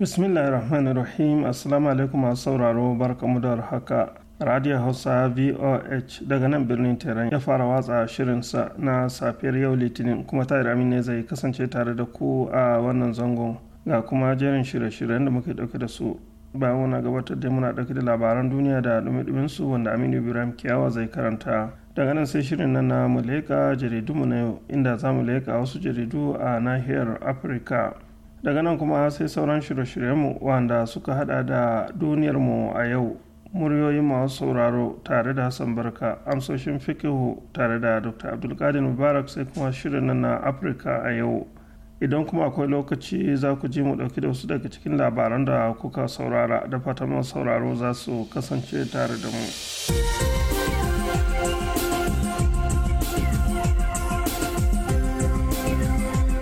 bismillahirrahmanirrahim assalamu alaikum masu sauraro barkamu da haka radio hausa voh daga nan birnin tehran ya fara watsa shirinsa na safiyar yau litinin kuma tayar amin ne zai kasance tare da ku a wannan zangon ga kuma jerin shirye-shiryen da muke dauke da su bayan muna gabatar da muna dauke da labaran duniya da dumi su wanda aminu ibrahim kiyawa zai karanta daga nan sai shirin nan na mu leƙa jaridunmu na yau inda za mu leƙa wasu jaridu a nahiyar afirka daga nan kuma sai sauran shirye-shiryenmu wanda suka hada da duniyar mu a yau muryoyi masu sauraro tare da hassan barka amsoshin fikihu tare da dr abdulkadir mubarak sai kuma shirin nan na afirka a yau idan kuma akwai lokaci za ku ji mu dauki da wasu daga cikin labaran da kuka saurara da fatan sauraro za su kasance tare da mu.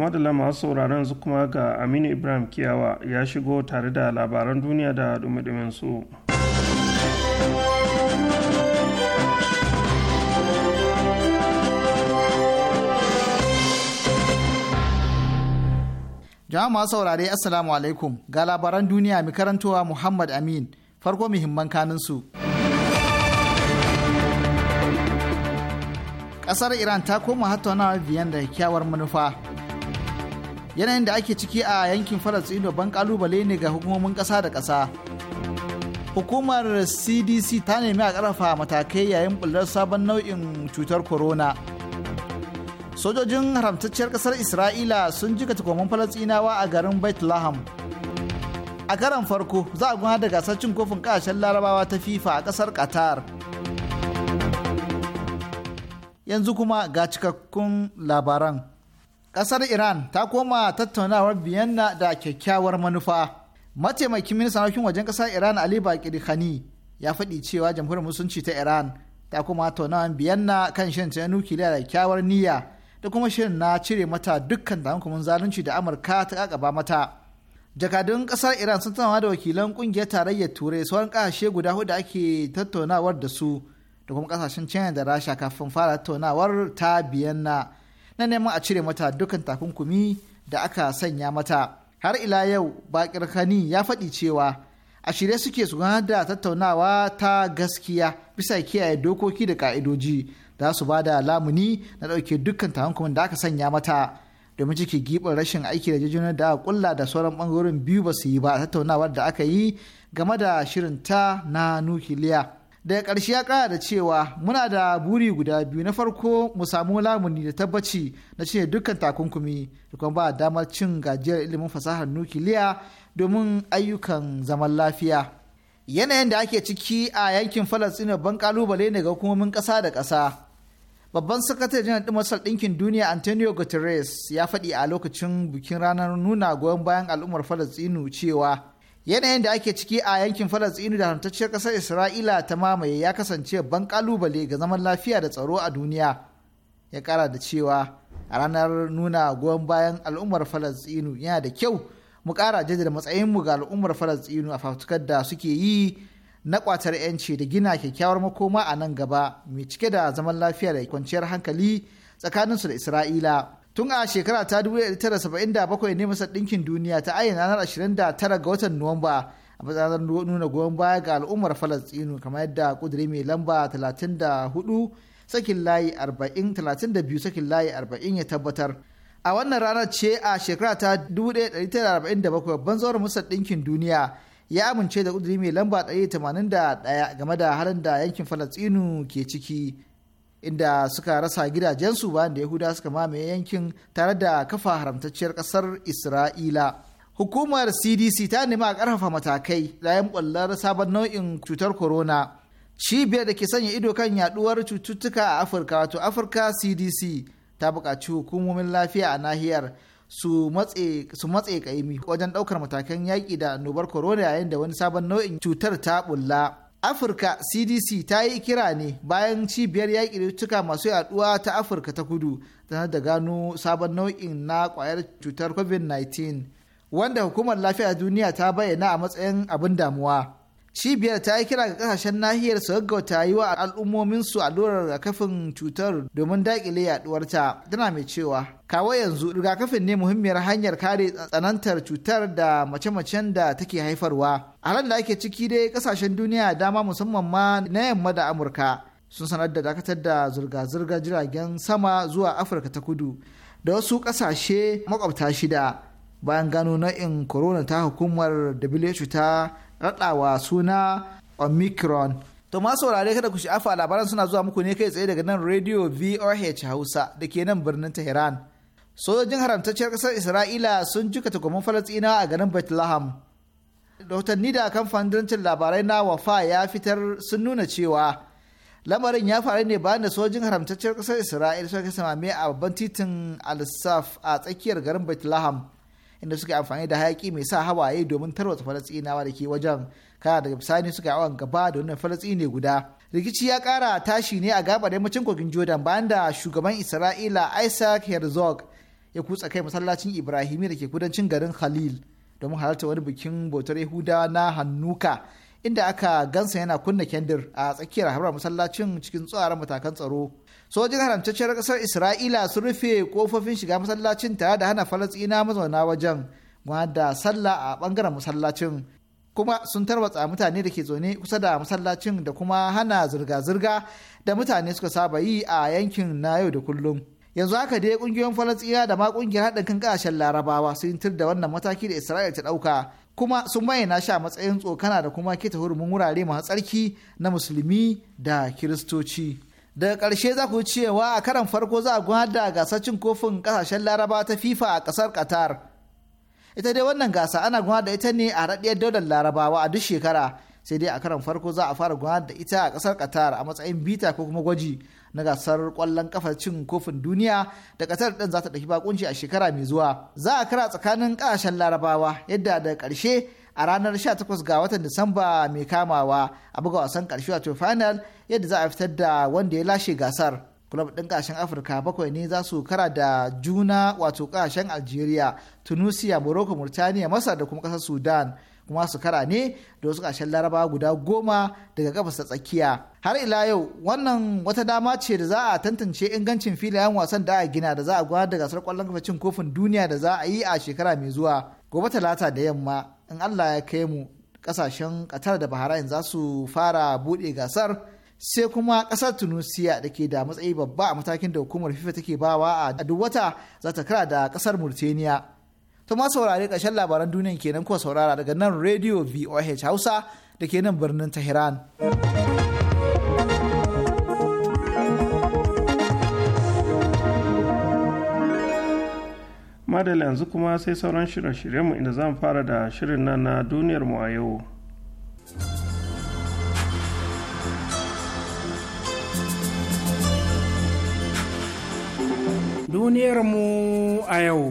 madalla masu sauraron su kuma ga aminu ibrahim kiyawa ya shigo tare da labaran duniya da dumi su. jama'a masu saurare assalamu alaikum ga labaran duniya mai karantowa muhammad amin farko muhimman kaninsu kasar iran ta koma tattaunawar biyan da kyawar manufa yanayin da ake ciki a yankin falastino ban kalubale ne ga hukumomin ƙasa da ƙasa hukumar cdc ta nemi a ƙarfafa matakai yayin bullar sabon nau'in cutar corona sojojin haramtacciyar ƙasar isra'ila sun jika takwamin falastinawa a garin bethlehem a karan farko za a gudanar da gasar cin kofin ƙashen larabawa ta fifa a ƙasar qatar yanzu kuma ga cikakkun labaran Ƙasar Iran ta koma tattaunawar Biyanna da kyakkyawar manufa. Mataimakin ministan harkokin wajen ƙasar Iran Ali Bakir Khani ya faɗi cewa jamhuriyar musulunci ta Iran ta koma tattaunawar Biyanna kan shirin ta nukiliya da kyakkyawar niyya da kuma shirin na cire mata dukkan takunkumin zalunci da Amurka ta kakaba mata. Jakadun ƙasar Iran sun tattauna da wakilan kungiyar tarayyar Turai sauran kasashe guda hudu ake tattaunawar da su da kuma kasashen China da Rasha kafin fara tattaunawar ta Biyanna. na neman a cire mata dukkan takunkumi da aka sanya mata har ila yau bakir kani ya faɗi cewa a shirye suke su da tattaunawa ta gaskiya bisa kiyaye dokoki da ka'idoji za su ba da lamuni na ɗauke dukkan takunkumin da aka sanya mata domin ciki giɓin rashin aiki da jejjunar da aka kulla da sauran ɓangarorin biyu ba su yi ba a tattaunawar da aka yi game da shirin ta na nukiliya. daga ƙarshe ya ƙara da cewa muna da buri guda biyu na farko mu samu lamuni da tabbaci na cinye dukkan takunkumi da kuma ba damar cin gajiyar ilimin fasahar nukiliya domin ayyukan zaman lafiya yanayin da ake ciki a yankin falastinu ban kalubale ne ga hukumomin ƙasa da ƙasa babban sakatare janar masar ɗinkin duniya antonio guterres ya faɗi a lokacin bikin ranar nuna goyon bayan al'ummar falastinu cewa yanayin da ake ciki a yankin falasɗinu da haramtacciyar ƙasar isra'ila ta mamaye ya kasance ban ƙalubale ga zaman lafiya da tsaro a duniya ya ƙara da cewa a ranar nuna goyon bayan al'ummar falasɗinu yana da kyau mu ƙara jaddada matsayinmu ga al'ummar falasɗinu a fafutukar da suke yi na ƙwatar 'yanci da gina kyakkyawar makoma a nan gaba mai cike da zaman lafiya da kwanciyar hankali tsakaninsu da isra'ila tun a shekara ta 1977 ne masa ɗinkin duniya ta ayyana ranar 29 ga watan nuwamba a matsayin nuna goyon baya ga al'ummar falastinu kamar yadda kudiri mai lamba 34 sakin layi 40 32 sakin layi 40 ya tabbatar a wannan ranar ce a shekara ta 1947 ban zawar masar ɗinkin duniya ya amince da kudiri mai lamba 181 game da halin da yankin falastinu ke ciki inda suka rasa gidajensu bayan da yahuda suka mamaye yankin tare da kafa haramtacciyar ƙasar isra'ila hukumar cdc ta nemi a ƙarfafa matakai yayin ɓullar sabon nau'in cutar corona cibiyar da ke sanya ido kan yaduwar cututtuka a afirka wato afirka cdc ta buƙaci hukumomin lafiya a nahiyar su matse kaimi wajen ɗaukar matakan yaƙi da annobar corona yayin da wani sabon nau'in cutar ta bulla afirka cdc ta yi kira ne bayan cibiyar yaƙi da cutuka masu yaduwa ta afirka ta kudu tana da gano sabon nau'in na kwayar cutar covid-19 wanda hukumar lafiya duniya ta bayyana a matsayin abin damuwa cibiyar ta yi kira ga kasashen nahiyar su gaggauta yi wa al'ummominsu allurar rigakafin cutar domin daƙile yaduwarta tana mai cewa kawai yanzu rigakafin ne muhimmiyar hanyar kare tsanantar cutar da mace-macen da take haifarwa a halin da ake ciki dai kasashen duniya dama musamman ma na yamma da amurka sun sanar da dakatar da zirga-zirgar jiragen sama zuwa afirka ta kudu da wasu kasashe makwabta shida bayan gano nau'in corona ta hukumar WHO ta raɗawa suna omicron to ma saurare kada ku sha'afa labaran suna zuwa muku ne kai tsaye daga nan radio voh hausa da ke nan birnin tehran sojojin haramtacciyar ƙasar isra'ila sun jika takwamin falasɗinawa a garin bethlehem rahotanni da kamfanin fandancin labarai na wafa ya fitar sun nuna cewa lamarin ya faru ne bayan da sojojin haramtacciyar ƙasar isra'ila suka samame a babban titin al-saf a tsakiyar garin bethlehem inda suka amfani da hayaki mai sa hawaye domin tarwatsa falasɗinawa da ke wajen kana daga bisani suka awon gaba da wannan ne guda rikici ya kara tashi ne a gabar yammacin kogin jordan bayan da shugaban isra'ila isaac herzog ya kutsa kai masallacin ibrahimi da ke kudancin garin khalil domin halarta wani bikin bautar yahuda na hannuka inda aka gansa yana kunna kendir a tsakiyar harabar masallacin cikin tsoron matakan tsaro sojin haramtacciyar kasar isra'ila sun rufe kofofin shiga masallacin tare da hana falastina mazauna wajen da sallah a bangaren masallacin kuma sun tarwatsa mutane da ke zaune kusa da masallacin da kuma hana zirga-zirga da mutane suka saba yi a yankin na yau da kullum yanzu haka dai kungiyoyin falastina da ma kungiyar haɗin kan ƙasashen larabawa sun tir da wannan mataki da isra'ila ta ɗauka kuma sun bayyana shi a matsayin tsokana da kuma keta hurumin wurare masu tsarki na musulmi da kiristoci. daga ƙarshe za ku cewa a karan farko za a gwada gasar cin kofin ƙasashen laraba ta fifa a ƙasar qatar ita dai wannan gasa ana gwada ita ne a raɗiyar daular larabawa a duk shekara sai dai a karan farko za a fara gwada ita a ƙasar qatar a matsayin bita ko kuma gwaji na gasar ƙwallon ƙafar cin kofin duniya da ƙasar ɗin za ta ɗauki bakunci a shekara mai zuwa za a kara tsakanin ƙasashen larabawa yadda da ƙarshe a ranar 18 ga watan Disamba mai kamawa a buga wasan ƙarshe wato final yadda za a fitar da wanda ya lashe gasar. Kulab ɗin ƙasashen Afirka bakwai ne za su kara da juna wato ƙasashen Algeria, Tunisia, Morocco, Murtaniya, Masar da kuma ƙasar Sudan. kuma su kara ne da wasu ƙarshen laraba guda goma daga gabas ta tsakiya har ila yau wannan wata dama ce da za a tantance ingancin filayen wasan da a gina da za a gudanar da gasar kwallon kafa cin kofin duniya da za a yi a shekara mai zuwa gobe talata da yamma in Allah ya kai mu kasashen Qatar da Bahrain za su fara buɗe gasar sai kuma ƙasar Tunisia da ke da matsayi babba a matakin da hukumar FIFA take bawa a duk wata za ta kara da ƙasar Murtaniya. To ma saurare ƙarshen labaran duniyan kenan ko saurara daga nan Radio VOH Hausa da ke nan birnin Tehran. madala yanzu kuma sai sauran shirin shiryenmu inda zan fara da shirin nan na duniyar mu a yau duniyar mu a yau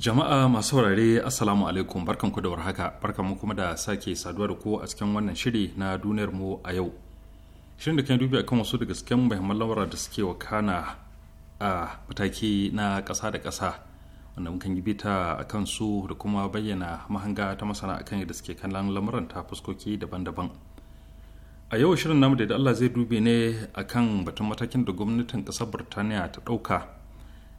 jama'a masu saurare assalamu alaikum barkanku da warhaka barkanmu kuma da sake saduwa da ku a cikin wannan shiri na duniyar mu a yau shirin da kan dubi akan wasu daga cikin muhimman lamura da suke wakana a mataki na ƙasa da ƙasa wanda mukan yi bita a kan su da kuma bayyana mahanga ta masana a akan yadda suke kallon lamuran ta fuskoki daban-daban a yau shirin namu da Allah zai dube ne akan batun matakin da gwamnatin ƙasar burtaniya ta ɗauka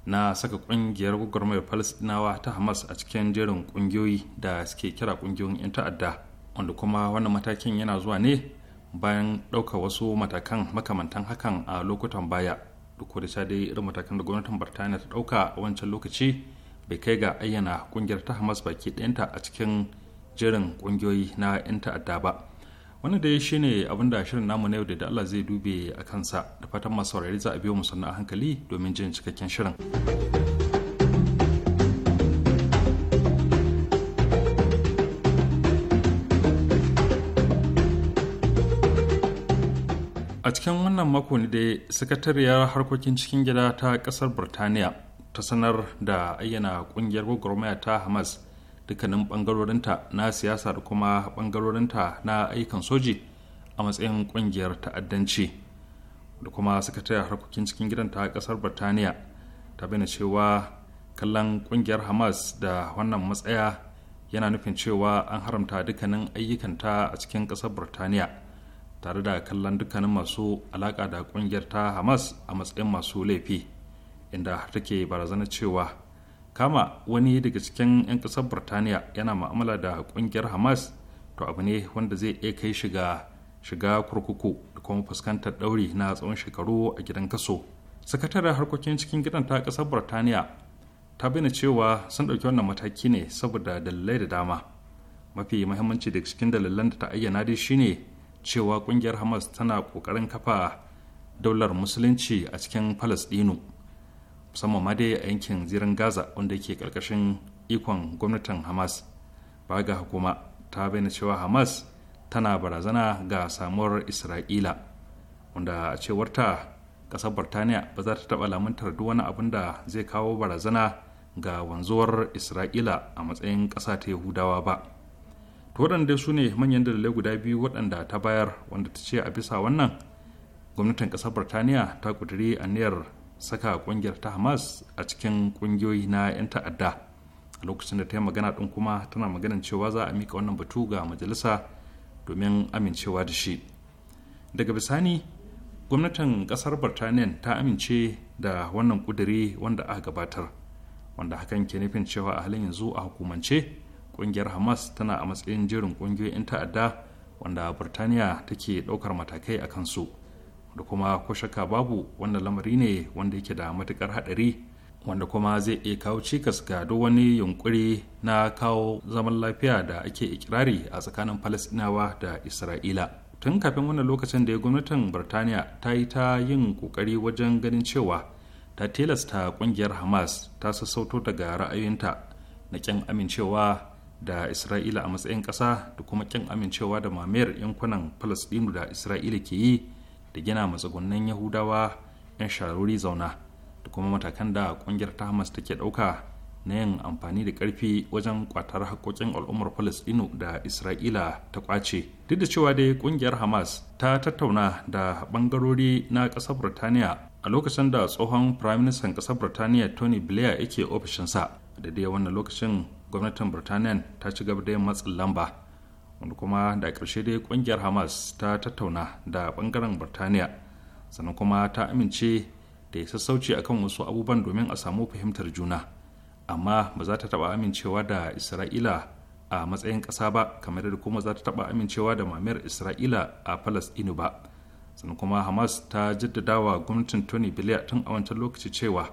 na saka ƙungiyar gwagwarmayar falastinawa ta hamas a cikin jerin ƙungiyoyi da suke kira ƙungiyoyin 'yan ta'adda wanda kuma wannan matakin yana zuwa ne bayan ɗaukar wasu matakan makamantan hakan a lokutan baya duk da sha dai irin matakan da gwamnatin birtaniya ta dauka a wancan lokaci bai kai ga ayyana kungiyar ta hamas baki ɗayanta a cikin jirin kungiyoyi na 'yan ta'adda ba wani dai shine abin da shirin namu na yau da allah zai dube a kansa da fatan masu saurari za a biyo mu sannan a hankali domin jin cikakken shirin a cikin wannan mako ne dai sakatariyar harkokin cikin gida ta kasar birtaniya ta sanar da ayyana kungiyar gwagwarmaya ta hamas dukkanin bangarorinta na siyasa da kuma bangarorinta na ayyukan soji a matsayin kungiyar ta'addanci da kuma sakatariyar harkokin cikin gidan ta kasar birtaniya ta bayyana cewa kallon kungiyar hamas da wannan matsaya yana nufin cewa an haramta dukkanin ayyukanta a cikin kasar birtaniya tare da kallon dukkanin masu alaka da ƙungiyar ta hamas a matsayin masu laifi inda take barazana cewa kama wani daga cikin 'yan ƙasar birtaniya yana ma'amala da ƙungiyar hamas to abu ne wanda zai iya kai shiga shiga kurkuku da kuma fuskantar ɗauri na tsawon shekaru a gidan kaso sakataren harkokin cikin gidan ta kasar birtaniya ta bina cewa sun ɗauki wannan mataki ne saboda dalilai da dama mafi muhimmanci daga cikin dalilan da ta ayyana dai shine cewa kungiyar hamas tana kokarin kafa daular musulunci a cikin palestino musamman ma dai a yankin zirin gaza wanda ke karkashin ikon gwamnatin hamas ba ga hukuma ta bayyana cewa hamas tana barazana ga samuwar isra'ila wanda a cewarta kasar birtaniya ba za ta taba lamuntar duk wani abin da zai kawo barazana ga wanzuwar isra'ila a matsayin ƙasa ta yahudawa ba waɗanda su ne manyan dalilai guda biyu waɗanda ta bayar wanda ta ce a bisa wannan gwamnatin ƙasar birtaniya ta ƙudiri aniyar saka ƙungiyar ta hamas a cikin ƙungiyoyi na 'yan ta'adda a lokacin da ta yi magana ɗin kuma tana maganin cewa za a mika wannan batu ga majalisa domin amincewa da shi daga bisani gwamnatin ƙasar birtaniya ta amince da wannan ƙudiri wanda aka gabatar wanda hakan ke nufin cewa a halin yanzu a hukumance kungiyar hamas tana a matsayin jerin kungiyoyin ta'adda wanda burtaniya take daukar matakai a kansu da kuma kushaka babu wanda lamari ne wanda yake da matukar hadari wanda kuma zai iya kawo cikas ga duk wani yunkuri na kawo zaman lafiya da ake ikirari a tsakanin falastinawa da isra'ila tun kafin wannan lokacin da ya gwamnatin birtaniya ta yi ta yin kokari wajen ganin cewa ta tilasta kungiyar hamas ta sassauto daga ra'ayinta na kyan amincewa da isra'ila a matsayin ƙasa da kuma ƙin amincewa da mamayar yankunan falasɗinu da isra'ila ke yi da gina matsugunan yahudawa 'yan sharori zauna da kuma matakan da ƙungiyar ta hamas take ɗauka na yin amfani da ƙarfi wajen kwatar haƙƙoƙin al'ummar falasɗinu da isra'ila ta ƙwace duk da cewa dai ƙungiyar hamas ta tattauna da ɓangarori na ƙasar burtaniya a lokacin da tsohon firaministan ƙasar burtaniya tony blair yake ofishinsa da dai wannan lokacin gwamnatin birtaniya ta ci gaba da yin matsin lamba wanda kuma da ƙarshe dai ƙungiyar hamas ta tattauna da ɓangaren birtaniya sannan kuma ta amince da ya sassauci akan wasu abubuwan domin a samu fahimtar juna amma ba za ta taɓa amincewa da isra'ila a matsayin ƙasa ba kamar da kuma za ta taɓa amincewa da mamayar isra'ila a falasɗinu ba sannan kuma hamas ta jaddada wa gwamnatin tony blair tun a wancan lokaci cewa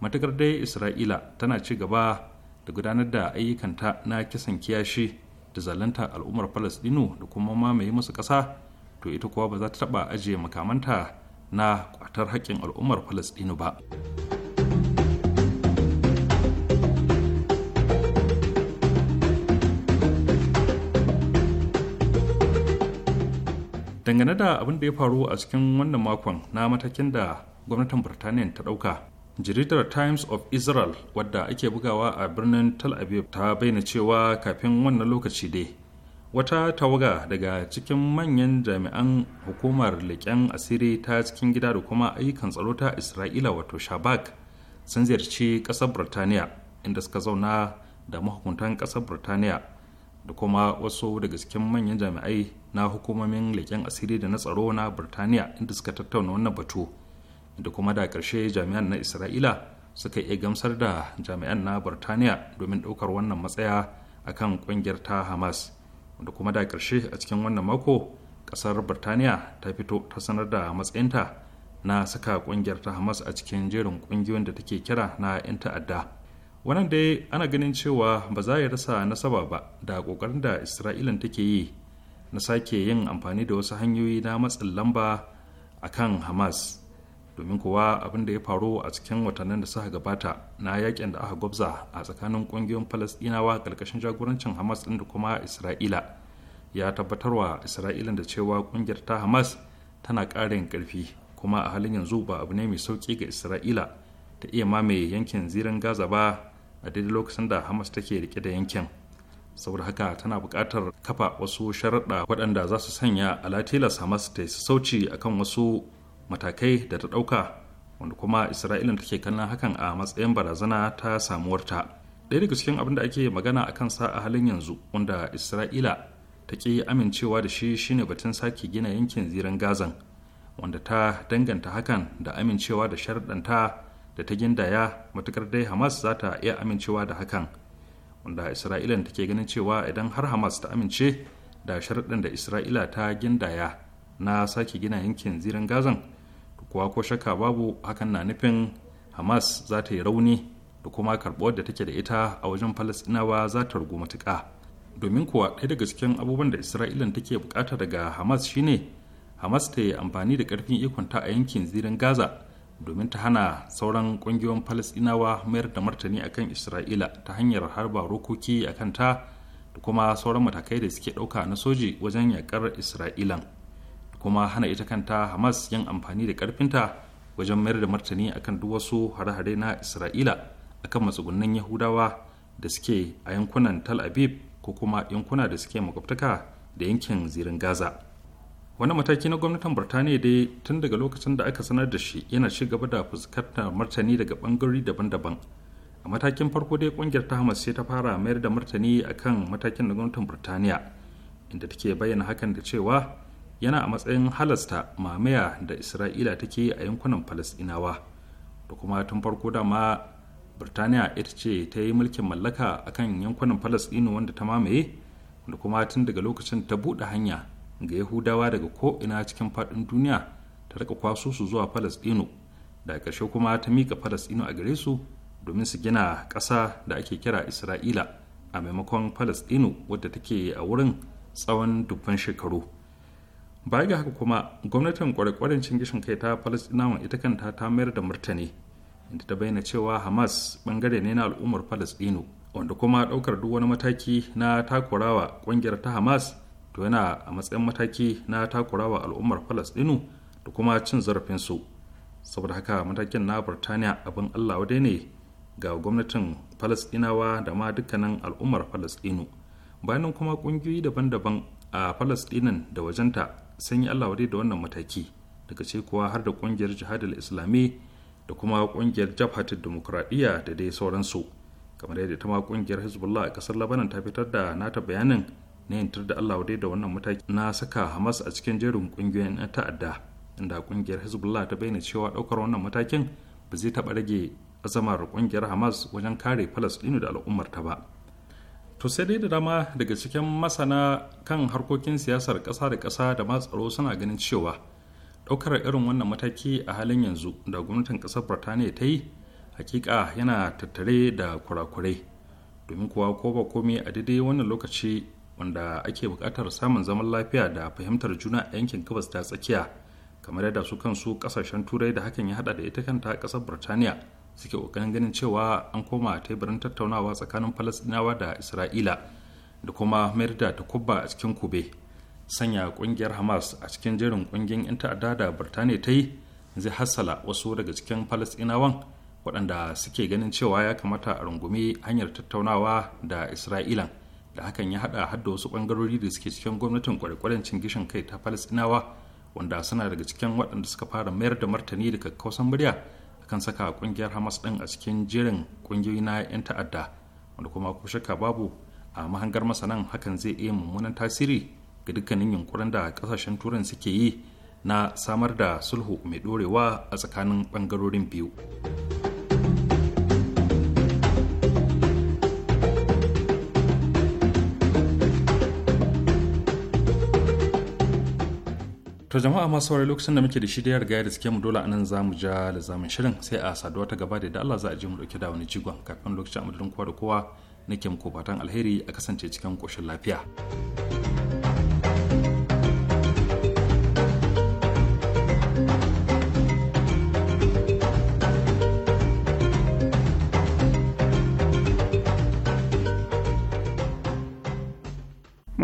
matakar dai isra'ila tana ci gaba da gudanar da ayyukanta na kisan kiyashi da zalunta al'ummar falastinu da kuma mamaye musu ƙasa to ita kuwa ba za ta taɓa ajiye makamanta na kwatar haƙƙin al'ummar falastinu ba dangane da abin da ya faru a cikin wannan makon na matakin da gwamnatin birtaniya ta ɗauka jaridar times of israel wadda ake bugawa a birnin tel aviv ta bayyana cewa kafin wannan lokaci dai wata tawaga daga cikin manyan jami'an hukumar leƙen asiri ta cikin gida da kuma ayyukan tsaro ta isra'ila wato shabak sun ziyarci ƙasar birtaniya inda suka zauna da mahukuntan ƙasar birtaniya da kuma wasu daga cikin manyan jami'ai na hukumomin leƙen asiri da na tsaro na birtaniya inda suka tattauna wannan batu da kuma da ƙarshe jami'an na isra'ila suka iya gamsar da jami'an na burtaniya domin ɗaukar wannan matsaya a kan ƙungiyar ta hamas da kuma da ƙarshe a cikin wannan mako ƙasar burtaniya ta fito ta sanar da matsayinta na saka ƙungiyar ta hamas a cikin jerin ƙungiyoyin da take kira na 'yan ta'adda wannan dai ana ganin cewa ba za ya rasa nasaba ba da ƙoƙarin da isra'ilan take yi na sake yin amfani da wasu hanyoyi na matsin lamba a kan hamas domin kuwa abin da ya faru a cikin watannin da suka gabata na yakin da aka gwabza a tsakanin kungiyoyin falasdinawa karkashin jagorancin hamas din da kuma isra'ila ya tabbatarwa isra'ila da cewa kungiyar ta hamas tana ƙarin karfi kuma a halin yanzu ba abu ne mai sauki ga isra'ila ta iya mamaye yankin zirin gaza ba a daidai lokacin da hamas take rike da yankin saboda haka tana buƙatar kafa wasu sharaɗa waɗanda za su sanya alatilas hamas ta sauci akan wasu matakai da ta ɗauka wanda kuma isra'ilin take kallon hakan a matsayin barazana ta samuwarta ɗaya daga cikin abin da ake magana a kan sa a halin yanzu wanda isra'ila ta ƙi amincewa da shi shine batun sake gina yankin ziran gazan wanda ta danganta hakan da amincewa da sharɗanta da ta gindaya matukar dai hamas za ta iya amincewa da hakan wanda isra'ilan take ganin cewa idan har hamas ta amince da sharaɗin da isra'ila ta gindaya na sake gina yankin ziren gazan kuwa ko shakka babu hakan na nufin hamas za ta yi rauni da kuma karɓuwar da take da ita a wajen falasɗinawa za ta rugu matuka, domin kuwa ɗaya daga cikin abubuwan da isra'ilan take bukata daga hamas shine hamas ta yi amfani da ƙarfin ikonta a yankin zirin gaza domin ta hana sauran ƙungiyoyin falasɗinawa mayar da martani akan isra'ila ta hanyar harba rokoki akan ta da kuma sauran matakai da suke ɗauka na soji wajen yakar isra'ilan kuma hana ita kanta hamas yin amfani da karfinta wajen mayar da martani akan duk wasu hare-hare na isra'ila akan matsugunan yahudawa da suke a yankunan tal aviv ko kuma yankuna da suke makwabtaka da yankin zirin gaza wani mataki na gwamnatin birtaniya dai tun daga lokacin da aka sanar da shi yana ci gaba da fuskantar martani daga bangarori daban-daban a matakin farko dai kungiyar ta hamas ta fara mayar da martani akan matakin na gwamnatin birtaniya inda take bayyana hakan da cewa yana a matsayin halasta mamaya da isra'ila take a yankunan falasɗinawa da kuma tun farko dama birtaniya ita ce ta yi mulkin mallaka a kan yankunan falasɗinu wanda ta mamaye da kuma tun daga lokacin ta buɗe hanya ga yahudawa daga ko ina cikin faɗin duniya ta rika kwaso su zuwa falasɗinu da ƙarshe kuma ta miƙa falasɗinu a gare su domin su gina ƙasa da ake kira isra'ila a maimakon falasɗinu wadda take a wurin tsawon dubban shekaru baya ga haka kuma gwamnatin cin gishin kai ta falasɗinawan ita kanta ta mayar da martani inda ta bayyana cewa hamas bangare ne na al'ummar falasɗinu wanda kuma ɗaukar duk wani mataki na takurawa ƙungiyar ta hamas to yana a matsayin mataki na takurawa al'ummar falasɗinu da kuma cin zarafinsu saboda haka matakin na burtaniya abin allah wadai ne ga gwamnatin falasɗinawa da ma dukkanin al'ummar falasɗinu bayanan kuma kungiyoyi daban-daban a falasɗinan da wajenta sun yi allah wadai da wannan mataki daga ce har da ƙungiyar jihadar islami da kuma ƙungiyar jabhatul demokuraɗiyya da dai sauransu kamar yadda ta ma ƙungiyar hezbollah a ƙasar labanan ta fitar da nata bayanin na yantar da allah wadai da wannan mataki na saka hamas a cikin jerin ƙungiyoyin 'yan ta'adda inda ƙungiyar hezbollah ta bayyana cewa ɗaukar wannan matakin ba zai taɓa rage azamar ƙungiyar hamas wajen kare falastinu da al'ummar ta ba to sai dai da dama daga cikin masana kan harkokin siyasar ƙasa da ƙasa da ma tsaro suna ganin cewa ɗaukar irin wannan mataki a halin yanzu da gwamnatin ƙasar birtaniya ta yi hakika yana tattare da kurakurai domin kuwa ko ba komai a daidai wannan lokaci wanda ake bukatar samun zaman lafiya da fahimtar juna a yankin gabas ta tsakiya kamar yadda su kansu ƙasashen turai da hakan ya haɗa da ita kanta ƙasar birtaniya suke kokarin ganin cewa an koma teburin tattaunawa tsakanin falasɗinawa da isra'ila da kuma mayar da takubba a cikin kube sanya kungiyar hamas a cikin jerin kungiyar 'yan ta'adda da birtaniya ta yi zai hassala wasu daga cikin falasɗinawan waɗanda suke ganin cewa ya kamata a rungumi hanyar tattaunawa da isra'ilan da hakan ya haɗa hadda wasu bangarori da suke cikin gwamnatin cin gishin kai ta falasɗinawa wanda suna daga cikin waɗanda suka fara mayar da martani daga kawasan murya kan saka kungiyar hamas din a cikin jerin kungiyoyi na 'yan ta'adda wanda kuma ko shakka babu a mahangar masanan hakan zai iya mummunan tasiri ga dukkanin yunkurin da kasashen turan suke yi na samar da sulhu mai dorewa a tsakanin bangarorin biyu. to jama'a masu saurari lokacin da muke da shi da riga da suke mu dole a za mu ja da zamun shirin sai a saduwa ta gaba da Allah za a je mu dauke da wani jigon kafin lokacin amadadin kowa da kowa nake muku fatan alheri a kasance cikin koshin lafiya.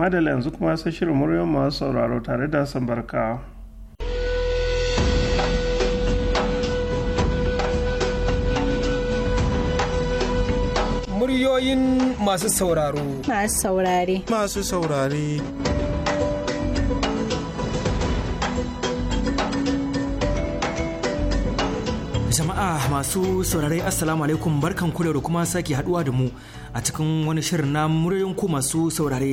madala yanzu kuma sai shirin muryar masu sauraro tare da san barka. Muryoyin masu sauraro. Masu saurare. Masu saurare. jama'a masu saurare assalamu alaikum barkan kula da kuma sake haduwa da mu a cikin wani shirin na muryoyin ku masu saurare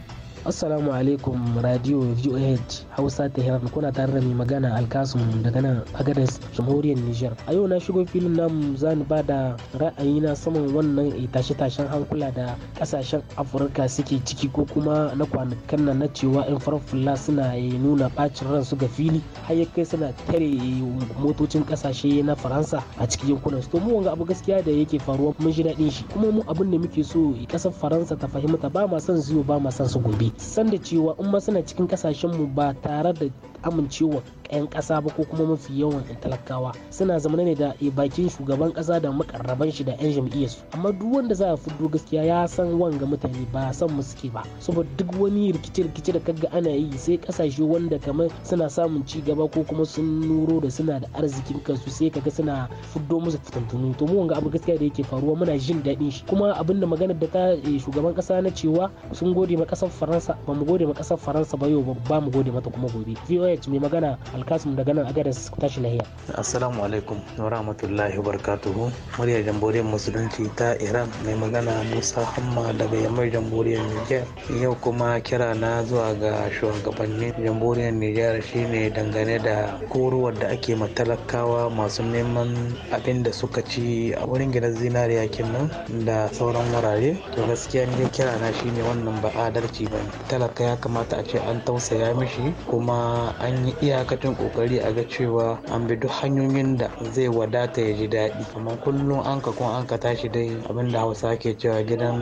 Assalamu alaikum Radio VOH Hausa Tehran kuna tare da mai magana Alkasum daga nan Agadez Jamhuriyar Nijar. A yau na shigo filin mu zani ba da ra'ayi na saman wannan eh, tashe-tashen hankula da kasashen Afirka suke ciki ko kuma na kwanakan nan na cewa yan farfulla suna eh, nuna bacin ransu ga fili har ya kai suna tare eh, motocin kasashe na Faransa a cikin yankunan su. To mu wanga abu gaskiya da yake faruwa mun shi daɗin shi kuma mu abin da muke so kasar Faransa ta fahimta ba ma son zuwa ba ma son su gobe. sanda cewa in ma suna cikin kasashen mu ba tare da amincewa 'yan ƙasa ba ko kuma mafi yawan 'yan talakawa suna zamana ne da bakin shugaban ƙasa da makarraban shi da 'yan jam'iyyarsu amma duk wanda za a fito gaskiya ya san wanga mutane ba san mu suke ba saboda duk wani rikice-rikice da kaga ana yi sai kasashe wanda kamar suna samun ci gaba ko kuma sun nuro da suna da arzikin kansu sai kaga suna fuddo musu fitantunu to mu wanga abu gaskiya da yake faruwa muna jin daɗin shi kuma abin maganar da ta eh, shugaban ƙasa na cewa sun gode ma ƙasar faransa ba mu gode ma ƙasar faransa ba yau ba mu gode mata kuma gobe voa voh mai magana alkasum daga nan agadas tashi lahiya assalamu alaikum wa rahmatullahi wa barakatuhu muryar jamhuriyar musulunci ta iran mai magana musa hamma daga yammar jamhuriyar niger yau kuma kira na zuwa ga shugabannin jamhuriyar niger shine dangane da koruwar da ake matalakawa masu neman abin da suka ci a wurin gidan zinariya kenan da sauran wurare to gaskiya ne kira na shine wannan ba adalci ba talaka ya kamata a ce an tausaya mishi kuma an yi iyakacin kokari a ga cewa an bi duk hanyoyin da zai wadata ya ji daɗi amma kullum an ka kun an ka tashi dai abinda da hausa ke cewa gidan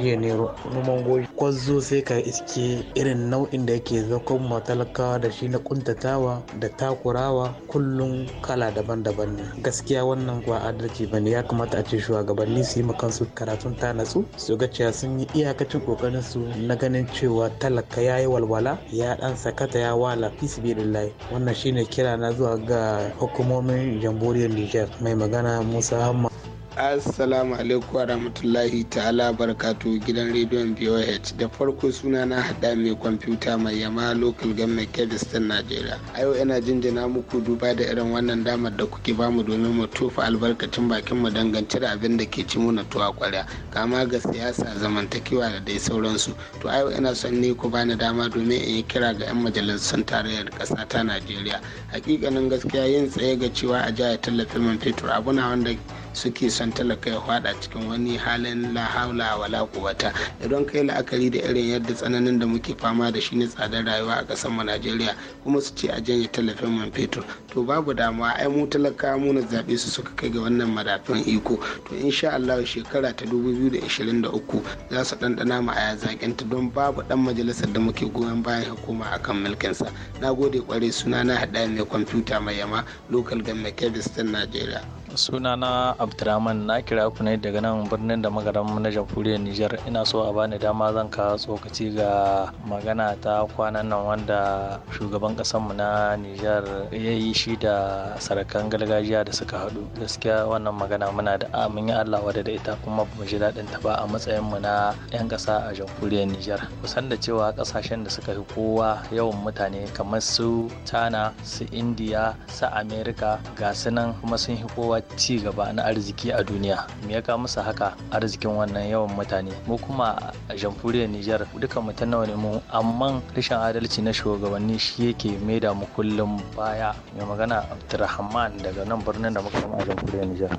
jiya ne noman goyi kwazo sai ka iske irin nau'in da yake zakon talakawa da shi na kuntatawa da takurawa kullum kala daban-daban ne gaskiya wannan ba adalci ba ne ya kamata a ce shugabanni su yi kansu karatun ta natsu su ga cewa sun yi iyakacin kokarin su na ganin cewa talaka ya yi walwala ya dan sakata ya wala sabilillahi wannan shine kira na zuwa ga hukumomin jamhuriyar Nijar mai magana Musa Hamma Assalamu alaikum wa rahmatullahi ta'ala barkatu gidan rediyon BOH da farko suna na hada mai kwamfuta mai yama local government kebis ta Najeriya. A yau ina jinjina muku duba da irin wannan damar da kuke bamu domin mu tofa albarkacin bakin mu dangance da abin da ke ci mu na tuwa kwarya kama ga siyasa zamantakewa da dai sauransu. To a yau ina son ne ku bani dama domin in yi kira ga 'yan majalisun tarayyar ƙasa ta Najeriya. Hakikanin gaskiya yin tsaye ga cewa a jihar tallafin man fetur abu na wanda suke son talaka ya fada cikin wani halin lahaula wala kuwata idan kai la'akari da irin yadda tsananin da muke fama da shi ne tsadar rayuwa a kasar mu Najeriya kuma su ce a janye tallafin man fetur to babu damuwa ai mu talaka mu na zaɓe su suka kai ga wannan madafin iko to insha Allah shekara ta 2023 za su ɗanɗana mu a ta don babu ɗan majalisar da muke goyon bayan hukuma a akan mulkinsa na gode kwarai suna na haɗa mai kwamfuta mai yama local government kebis ta Najeriya. sunana abdulrahman na kira ku ne daga nan birnin da magaram na jamhuriyar nijar ina so a bani dama zan ka tsokaci ga magana ta kwanan nan wanda shugaban mu na nijar ya yi shi da sarakan gargajiya da suka haɗu gaskiya wannan magana muna da amin ya allah wadda da ita kuma ba mu ji daɗin ta ba a matsayin mu na 'yan ƙasa a jamhuriyar nijar kusan da cewa kasashen da suka fi kowa yawan mutane kamar su china su indiya su america ga su nan kuma sun fi kowa ci gaba na arziki a duniya me ya kawo musu haka arzikin wannan yawan mutane mu kuma a jamhuriyar Nijar duka mutan nawa ne mu amma rashin adalci na shugabanni shi yake maida mu kullum baya mai magana Abdulrahman daga nan birnin da muka a jamhuriyar Nijar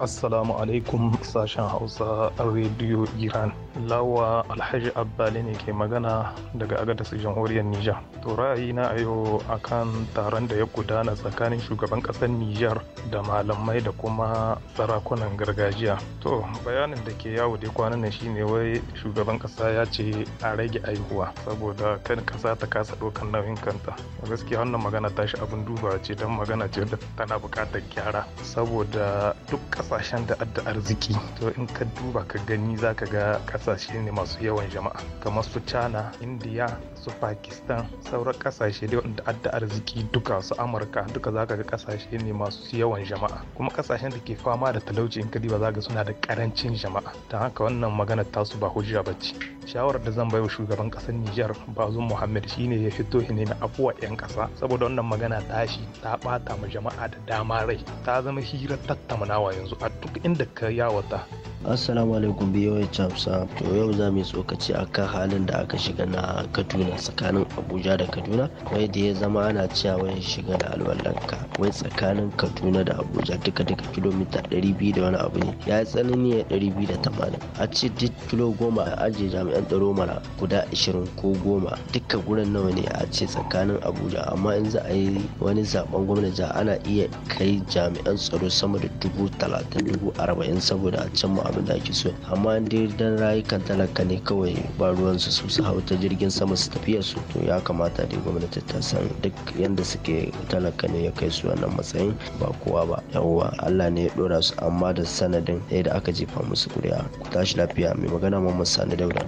Assalamu alaikum sashen Hausa a rediyo Iran. Lawa Alhaji Abbali ne ke magana daga agadas jamhuriyar Nijar. To ra'ayina a yau akan taron da ya gudana tsakanin shugaban ƙasar Nijar da malamai da kuma sarakunan gargajiya. To bayanin da ke yawo dai kwanan nan shine wai shugaban ƙasa ya ce a rage aihuwa saboda kan kasa ta kasa ɗaukan nauyin kanta. Gaskiya wannan magana shi abin duba ce don magana ce da tana buƙatar gyara saboda duk kasashen da adda arziki to in ka duba ka gani zaka ga ƙasashe ne masu yawan jama'a kamar su China, India, su pakistan sauran kasashe dai wanda adda arziki duka su amurka duka zaka ga kasashe ne masu yawan jama'a kuma kasashen da ke fama da talauci in kadi ba za suna da karancin jama'a Ta haka wannan magana tasu ba hujja ba bace shawarar da zan baiwa shugaban kasar Nijar Bazoum Muhammad shine ya fito ne na afuwa 'yan kasa saboda wannan magana tashi ta bata ma jama'a da dama rai ta zama hirar tattaunawa yanzu a duk inda ka yawata assalamu alaikum biyo ya to yau za mu yi tsokaci akan halin da aka shiga na Kaduna tsakanin abuja da kaduna wai da ya zama ana cewa wai shiga da alwalanka wai tsakanin kaduna da abuja duka duka kilomita 200 da wani abu ne ya yi tsanani ya 280 a ce duk kilo goma a ajiye jami'an tsaro mara guda 20 ko goma duka gurin nawa ne a ce tsakanin abuja amma in za a yi wani zaben gwamnati ana iya kai jami'an tsaro sama da dubu talatin dubu arba'in saboda a can abin da ake so amma dai dan rayukan talaka ne kawai ba ruwansu su su hau ta jirgin sama su tafi su to ya kamata dai gwamnati ta san duk yadda suke talaka ne ya kai su wannan matsayin ba kowa ba yawwa allah ne ya dora su amma da sanadin ɗaya da aka jefa musu kuri'a ku tashi lafiya mai magana mamman sani daura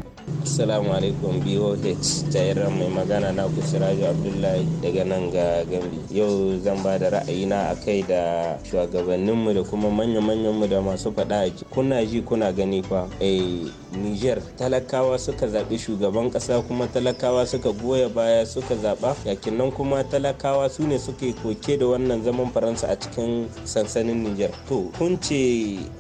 assalamu alaikum boh tayar mai magana na ku siraju abdullahi daga nan ga gambi yau zan ba da ra'ayina a kai da shugabanninmu da kuma manya-manyanmu da masu faɗa a kuna ji kuna gani fa eh niger talakawa suka zaɓi shugaban ƙasa kuma talakawa suka goya baya suka zaɓa yakin nan kuma talakawa su ne suke koke da wannan zaman faransa a cikin sansanin niger to kun ce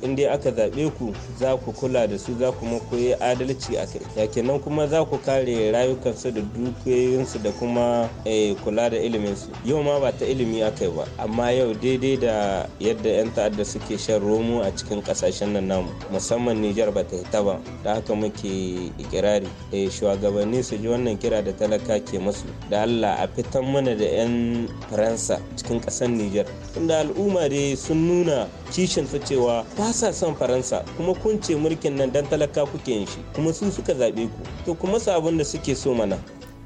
in aka zaɓe ku za ku kula da su za ku makoye adalci a kai yakin nan kuma za ku kare rayukansu da dukiyoyinsu da kuma eh, kula da iliminsu yau ma ba ta ilimi aka yi ba amma yau daidai da yadda 'yan ta'adda suke shan romo a cikin kasashen nan namu musamman niger ba ta hita ba da haka muke ikirari eh, shugabanni su ji wannan kira da talaka ke masu da allah a fitan mana da 'yan faransa cikin kasar niger tunda al'umma dai sun nuna kishin ta cewa ba sa son faransa kuma kun ce mulkin nan dan talaka kuke yin shi kuma su suka zaɓe ku to kuma su abin da suke so mana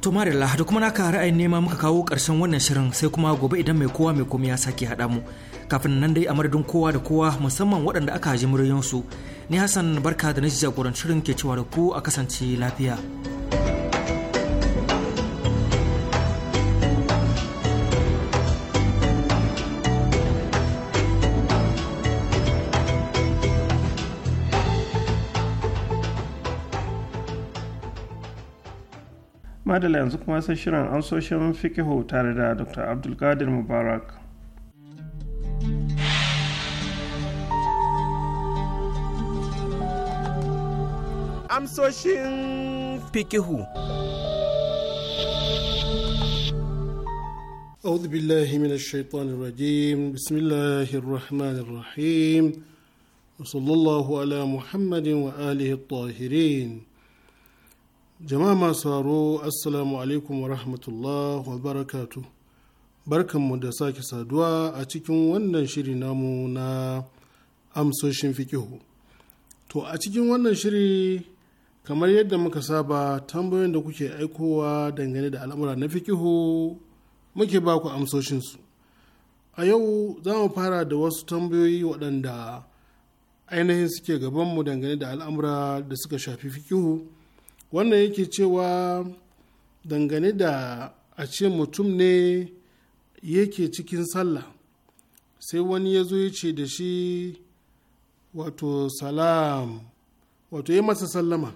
To Marilla, da kuma naka ra'ayin nema muka kawo ƙarshen wannan shirin sai kuma gobe idan mai kowa mai komai ya sake haɗa mu. Kafin nan dai a madadin kowa da kowa musamman waɗanda aka ji muryoyinsu. Ni Hassan barka da na jagorancin shirin ke cewa da ku a kasance lafiya. madala yanzu kuma sai shirin amsoshin fikihu tare da dr abdulkadir mubarak amsoshin fikihu أعوذ بالله من الشيطان الرجيم بسم الله الرحمن الرحيم وصلى الله على محمد وآله الطاهرين jama'a masu haro assalamu alaikum wa rahmatullah wa barakatu barkanmu da sake saduwa a cikin wannan shiri namu na amsoshin fikihu to a cikin wannan shiri kamar yadda muka saba tambayoyin da kuke aikowa dangane da al'amura na fikihu muke ba ku amsoshinsu a yau za mu fara da wasu tambayoyi waɗanda ainihin suke gabanmu dangane da al'amura da suka shafi fikihu wannan yake cewa dangane da a ce mutum ne yake cikin sallah sai wani ya zo ya ce da shi wato salam wato ya masa sallama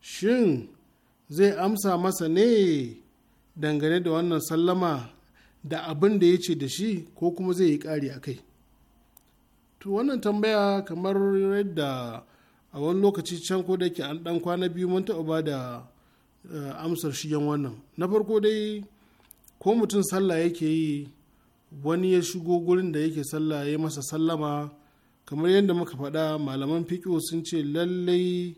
shin zai amsa masa ne dangane da wannan sallama da abin da ya ce da shi ko kuma zai yi ƙari a kai to wannan tambaya kamar yadda a wani lokaci can ko da ke an dan kwana biyu mun taɓa ba da eh, amsar shigen wannan na farko dai ko mutum sallah yake yi wani ya shigo gurin da yake sallah ya masa sallama kamar yadda muka faɗa malaman fiƙo sun ce lallai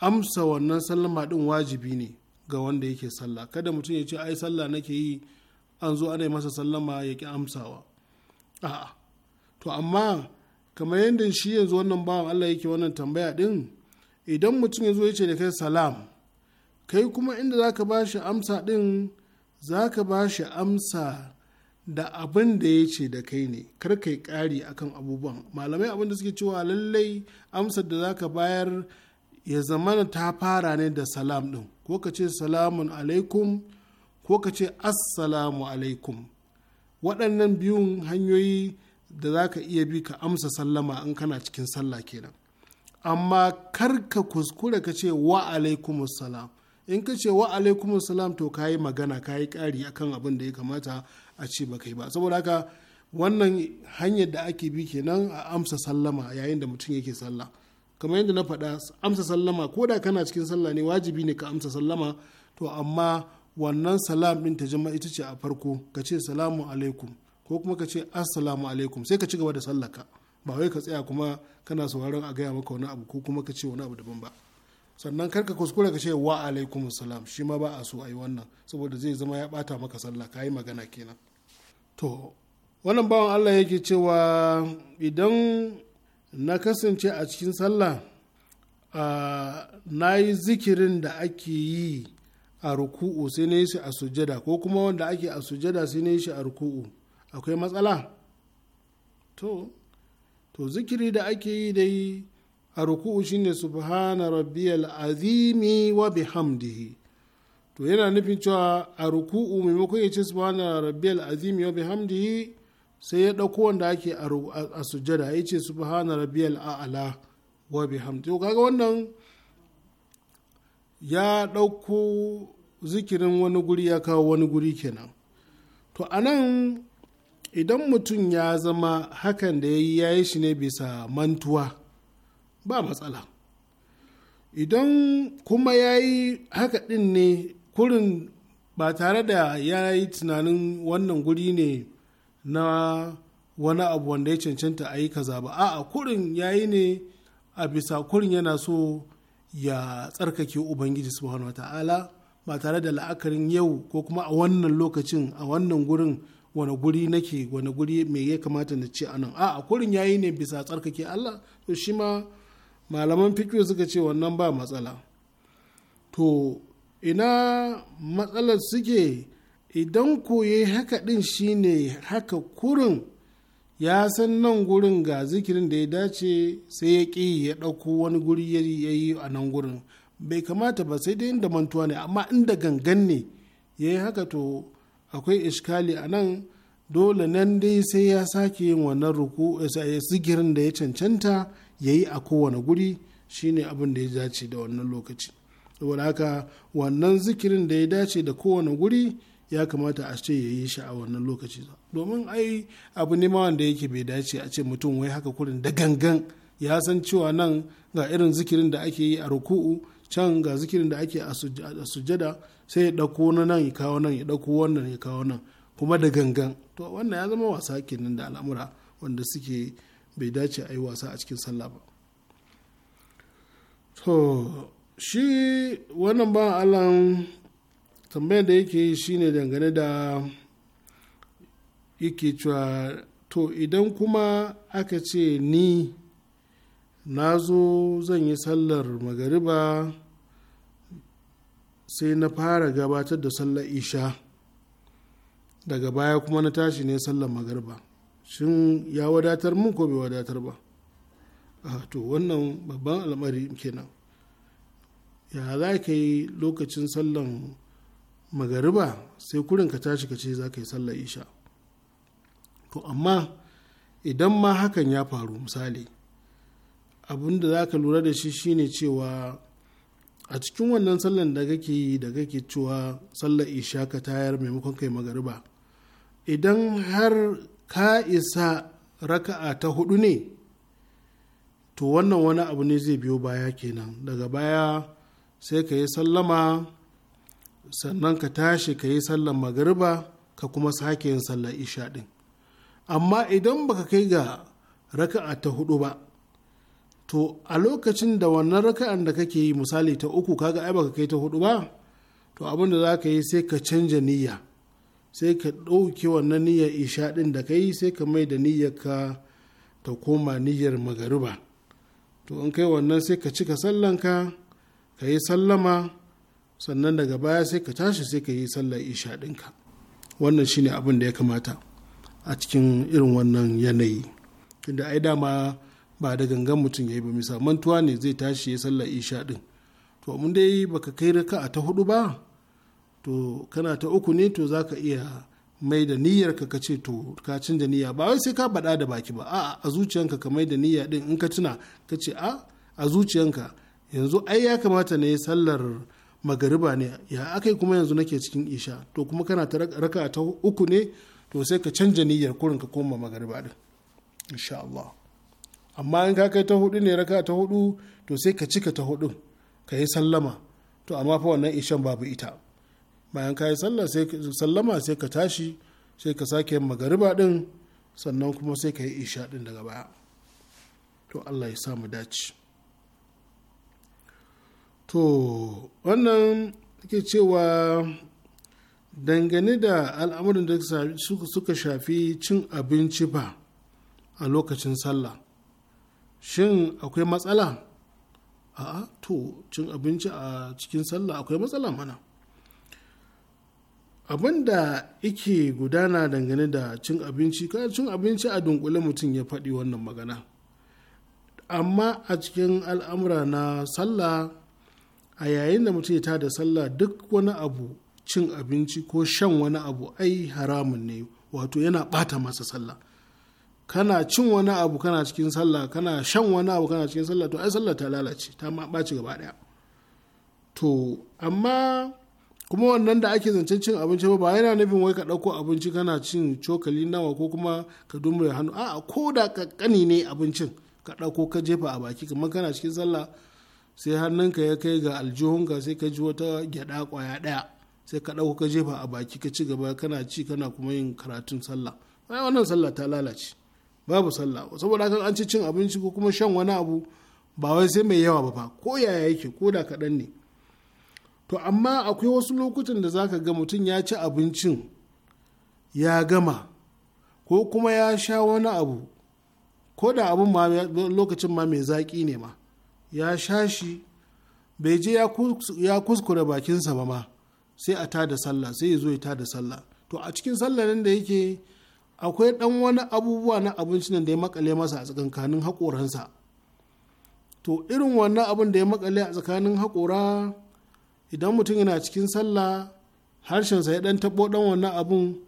amsa wannan sallama ɗin wajibi ne ga wanda yake sallah kada mutum ya ce ai sallah nake yi an zo ana masa sallama ya ki amsawa a'a to amma kamar yadda shi yanzu wannan bawan Allah yake wannan tambaya din idan mutum ya zo ya ce da kai salam kai kuma inda za ka ba shi amsa din za ka ba shi amsa da abin da ya ce da kai ne kar kai ƙari akan abubuwan malamai abin da suke cewa lallai amsar da za ka bayar ya zamana ta fara ne da salam din ko ka ce salamun alaikum ko ka ce assalamu alaikum waɗannan biyun hanyoyi da za ka iya bi ka amsa sallama in kana cikin sallah kenan amma kar ka kuskure ka ce wa alaikumussalam in ka ce wa alaikumussalam to ka yi magana ka yi ƙari akan abin da ya kamata a ce ba kai ba saboda haka wannan hanyar da ake bi kenan a amsa sallama yayin da mutum yake sallah kamar yadda na faɗa amsa sallama ko da kana cikin sallah ne wajibi ne ka amsa sallama to amma wannan salam ɗin ta jima ita ce a farko ka ce salamu alaikum ko kuma ka ce assalamu alaikum sai ka ci gaba da sallaka ba wai ka tsaya kuma kana sauraron a gaya maka wani abu ko kuma ka ce wani abu daban ba sannan kar ka kuskure ka ce wa alaikum salam shi ma ba a so a yi wannan saboda zai zama ya bata maka sallah ka yi magana kenan to wannan bawan Allah yake cewa idan na kasance a cikin sallah na yi zikirin da ake yi a ruku'u sai na yi shi a sujada ko kuma wanda ake a sujada sai na yi shi a ruku'u akwai matsala to to zikiri da ake yi dai a ruku'u shine subhana rabbiyal azimi wa bihamdihi to yana nufin cewa a ruku'u maimakon ya ce subhana rabbiyal azimi wa bihamdihi sai ya ɗauko wanda ake a sujjada ya ce subhana rabbiyal a'la wa bihamdi to kaga wannan ya ɗauko zikirin wani guri ya kawo wani guri kenan to anan idan mutum ya zama hakan da ya yi ya shi ne bisa mantuwa ba matsala idan kuma ya yi haka ɗin ne kurin ba tare da ya yi tunanin wannan guri ne na wani abu wanda ya cancanta a yi kaza ba a'a kurin ya yi ne a bisa kurin yana so ya tsarkake ubangiji subhanahu wa ta'ala ba tare da la'akarin yau ko kuma a wannan lokacin a wannan gurin wani guri nake wani guri me ya kamata na ce anan a kurin yayi ne bisa tsarkake Allah to shi ma malaman fikiyo suka ce wannan ba matsala to ina matsalar suke idan yi haka din shi ne haka kurin ya san nan gurin ga zikirin da ya dace sai ya ƙi ya ɗauko wani guri ya yi a nan gurin bai kamata ba sai dai inda mantuwa ne amma inda gangan ne ya yi haka to akwai iskali a nan dole nan dai sai ya sake yin wannan ruku eh, eh, zikirin da ya cancanta ya yi a kowane guri shine abin da ya dace da wannan lokaci saboda haka wannan zikirin da ya dace da kowane guri ya kamata a ce ya yi shi a wannan lokaci domin ai abu ne ma wanda yake bai dace a ce mutum wai haka kurin da gangan ya san cewa nan ga irin zikirin da ake yi a ruku'u can ga zikirin da ake a sujada sai ya ɗauko na nan ya kawo nan ya ɗauko wannan ya kawo nan kuma da gangan to wannan ya zama wasa kenan da al'amura wanda suke bai dace a yi wasa a cikin sallah ba to shi wannan ba alan tambayar da yake yi shine dangane da yake cewa to idan kuma aka ce ni na zo zan yi sallar magariba sai na fara gabatar da sallar isha daga baya kuma na tashi ne sallar magarba shin ya wadatar mun ko bai wadatar ba a to wannan babban al'amari kenan ya za ka yi lokacin sallar magariba sai kurin ka tashi ka ce za ka yi sallar isha to amma idan ma hakan ya faru misali abin da za ka lura da shi shine cewa a cikin wannan sallan da kake yi da kake cewa sallar isha ka tayar maimakon kai magariba idan har ka isa raka'a ta hudu ne to wannan wani abu ne zai biyo baya kenan daga baya sai ka yi sallama sannan ka tashi ka yi sallar magariba ka kuma sake yin sallar isha din amma idan baka kai ga raka'a ta hudu ba to a lokacin da wannan raka'an da kake yi misali ta uku kaga ai baka kai ta hudu ba to abin da za ka yi sai ka canja niyya sai ka ɗauke wannan niyyar isha ɗin da ka sai ka mai da niyyar ka ta koma niyyar magariba to in kai wannan sai ka cika sallanka ka yi sallama sannan daga baya sai ka tashi sai ka yi sallar isha ɗinka wannan shine abin da ya kamata a cikin irin wannan yanayi tunda ai dama ba da gangan mutum ya yi ba misa mantuwa ne zai tashi ya sallar isha din to mun dai baka kai raka a ta hudu ba to kana ta uku ne to zaka iya mai da niyyar ka ce to ka da niyya ba wai sai ka bada da baki ba a'a a zuciyanka ka mai da niyya din in ka tuna ka ce a a zuciyanka yanzu ai ya kamata ne sallar magariba ne ya akai kuma yanzu nake cikin isha to kuma kana ta raka ta uku ne to sai ka canja niyyar kurin ka koma magariba din insha Allah amma in ka kai ta hudu ne raka ta hudu to sai ka cika ta hudun ka yi sallama to amma fa wannan ishan babu ita bayan ka yi sallama sai ka tashi sai ka sake yin magariba din sannan kuma sai ka yi isha din daga baya to Allah ya samu dace to wannan ke cewa dangane da al'amuran da suka shafi cin abinci ba a lokacin sallah shin akwai matsala a to cin abinci a cikin sallah akwai matsala mana abin da ike gudana dangane da cin abinci kada cin abinci a dunkule mutum ya faɗi wannan magana amma a cikin al'amura na sallah a yayin da mutum ya ta da sallah duk wani abu cin abinci ko shan wani abu ai haramun ne wato yana ɓata masa sallah kana cin wani abu kana cikin sallah kana shan wani abu kana cikin sallah to ai sallah ta lalace ta ma ɓaci gaba ɗaya to amma kuma wannan da ake zancen cin abinci ba yana nufin wai ka ɗauko abinci kana cin cokali nawa ko kuma ka dumbe hannu a ko da kakkani ne abincin ka ɗauko ka jefa a baki kamar kana cikin sallah sai hannunka ya kai ga aljihunka sai ka ji wata gyaɗa ƙwaya ɗaya sai ka ɗauko ka jefa a baki ka ci gaba kana ci kana kuma yin karatun sallah wannan sallah ta lalace babu sallah saboda haka an ci cin abinci ko kuma shan wani abu ba wai sai mai yawa ba fa ko yaya yake ko da kaɗan ne to amma akwai wasu lokutan da zaka ga mutum ya ci abincin ya gama ko kuma ya sha wani abu ko da abun ma lokacin ma mai zaƙi ne ma ya sha shi bai je ya kuskure bakinsa ba ma sai a tada sallah sai ya zo ya tada sallah to a cikin sallah nan da yake akwai ɗan wani abubuwa na nan da ya makale masa a tsakankanin haƙoransa to irin wannan abin da ya makale a tsakanin haƙora idan mutum yana cikin sallah harshensa ya dan tabo ɗan wannan abin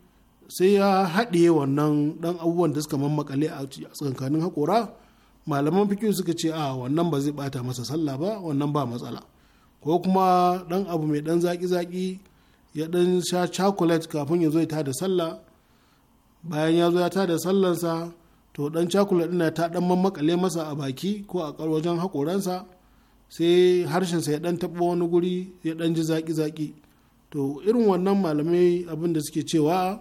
sai ya haɗiye wannan ɗan abubuwan da suka mammakale a tsakankanin haƙora malaman fikiyu suka ce a wannan ba zai bata masa sallah ba wannan ba matsala ko kuma ɗan abu mai ɗan zaki zaƙi ya ɗan sha chocolate kafin ya zo ya tada sallah bayan ya zo ya tada sallansa to dan cakula dina ta dan mammakale masa a baki ko a wajen haƙoransa sai harshensa ya dan taɓa wani guri ya dan ji zaƙi-zaƙi to irin wannan malamai abin da suke cewa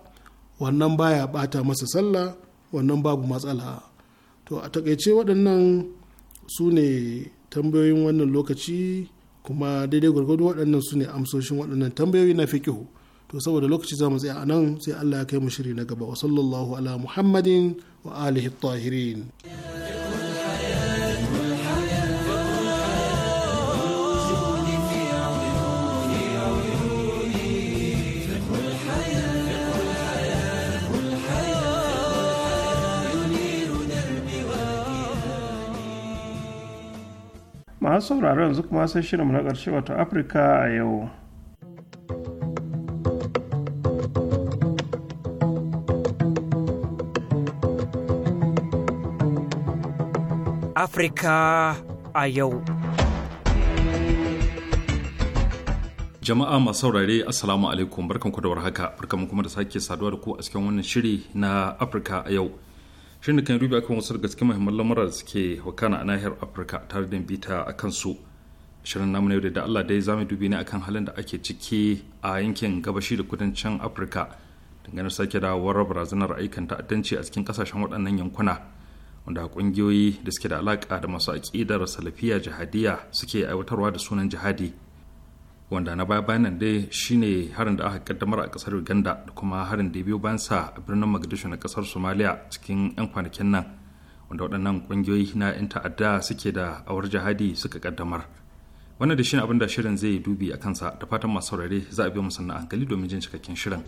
wannan baya bata masa sallah wannan babu matsala to a takaice waɗannan su ne tambayoyin wannan lokaci kuma daidai gwargwado waɗannan su ne amsoshin waɗannan tambayoyi na fikihu. to saboda lokaci za mu tsaya a nan sai Allah ya kai mu shiri na gaba wa sallallahu ala muhammadin wa alihi tahirin masu sauraron yanzu kuma sai shirinmu na ƙarshe wato afirka a yau Afrika a yau. Jama'a masu saurare Assalamu alaikum barkanku da warhaka barkanku kuma da sake saduwa da ku a cikin wannan shiri na Afirka a yau. Shirin da kan rubi akan wasu daga cikin muhimman lamura da suke wakana a nahiyar Afirka tare da bita a kansu. Shirin namu na yau da Allah dai zamu dubi ne akan halin da ake ciki a yankin gabashi da kudancin Afirka dangane sake dawowar barazanar ayyukan ta'addanci a cikin kasashen waɗannan yankuna. wanda kungiyoyi da suke da alaka da masu aƙidar salafiya jihadiya suke aiwatarwa da sunan jihadi wanda na baya bayanan dai shine harin da aka kaddamar a kasar uganda da kuma harin da biyu bayan sa a birnin mogadishu na kasar somalia cikin 'yan kwanakin nan wanda waɗannan ƙungiyoyi na 'yan ta'adda suke da awar jihadi suka kaddamar wannan da shine abin da shirin zai dubi a kansa da fatan masu saurare za a biyo a hankali domin jin cikakken shirin.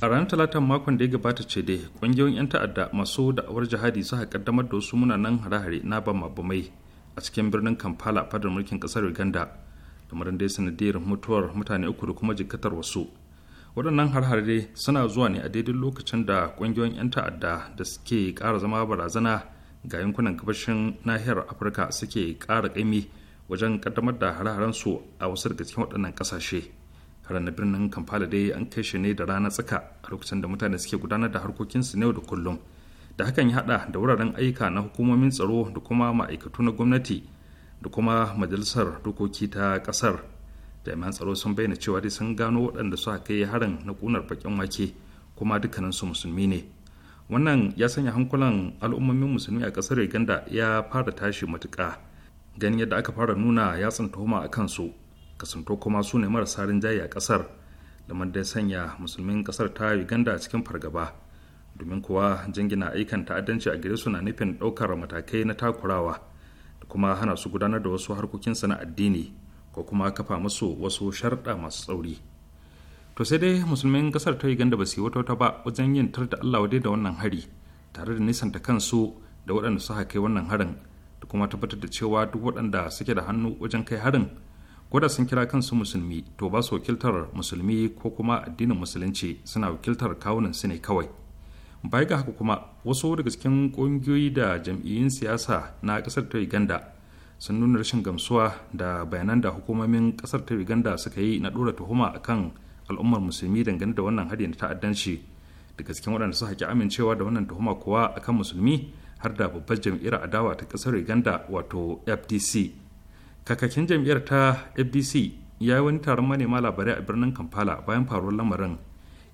a ranar talatan makon da ya gabata ce dai kungiyoyin 'yan ta'adda masu da'awar jihadi suka kaddamar da wasu munanan hare-hare na ban mabumai a cikin birnin kampala fadar mulkin kasar uganda da da dai sanadiyar mutuwar mutane uku da kuma jikatar wasu waɗannan harhare suna zuwa ne a daidai lokacin da ƙungiyoyin 'yan ta'adda da suke ƙara zama barazana ga yankunan gabashin nahiyar afirka suke ƙara ƙaimi wajen kaddamar da hare haren su a wasu daga cikin waɗannan ƙasashe ranar birnin kampala dai an kai shi ne da rana tsaka a lokacin da mutane suke gudanar da harkokinsu na yau da kullum da hakan ya hada da wuraren aika na hukumomin tsaro da kuma ma'aikatu na gwamnati da kuma majalisar dokoki ta kasar jami'an tsaro sun bayyana cewa dai sun gano waɗanda suka kai harin na kunar bakin wake kuma dukkaninsu musulmi ne wannan ya sanya hankulan al'ummomin musulmi a kasar uganda ya fara tashi matuka ganin yadda aka fara nuna yatsun tuhuma a kansu kasanto kuma su ne marasa rinjaye a kasar lamar da sanya musulmin kasar ta uganda cikin fargaba domin kuwa jingina aikan ta'addanci a gare su na nufin ɗaukar matakai na takurawa da kuma hana su gudanar da wasu harkokin na addini ko kuma kafa musu wasu sharɗa masu tsauri to sai dai musulmin kasar ta uganda ba su yi wata wata ba wajen yin tar da allah wadai da wannan hari tare da nisanta kansu da waɗanda suka kai wannan harin da kuma tabbatar da cewa duk waɗanda suke da hannu wajen kai harin koda sun kira kansu musulmi to ba su wakiltar musulmi ko kuma addinin musulunci suna wakiltar kawunan su ne kawai bai ga haka kuma wasu daga cikin ƙungiyoyi da jam'iyyun siyasa na kasar ta uganda sun nuna rashin gamsuwa da bayanan da hukumomin ƙasar ta uganda suka yi na ɗora tuhuma akan al'ummar musulmi dangane da wannan hari na ta'addanci daga cikin waɗanda suka ki amincewa da wannan tuhuma kuwa akan musulmi har da babbar jam'iyyar adawa ta kasar uganda wato fdc kakakin jam'iyyar ta fdc ya yi wani taron manema labarai a birnin kampala bayan faruwar lamarin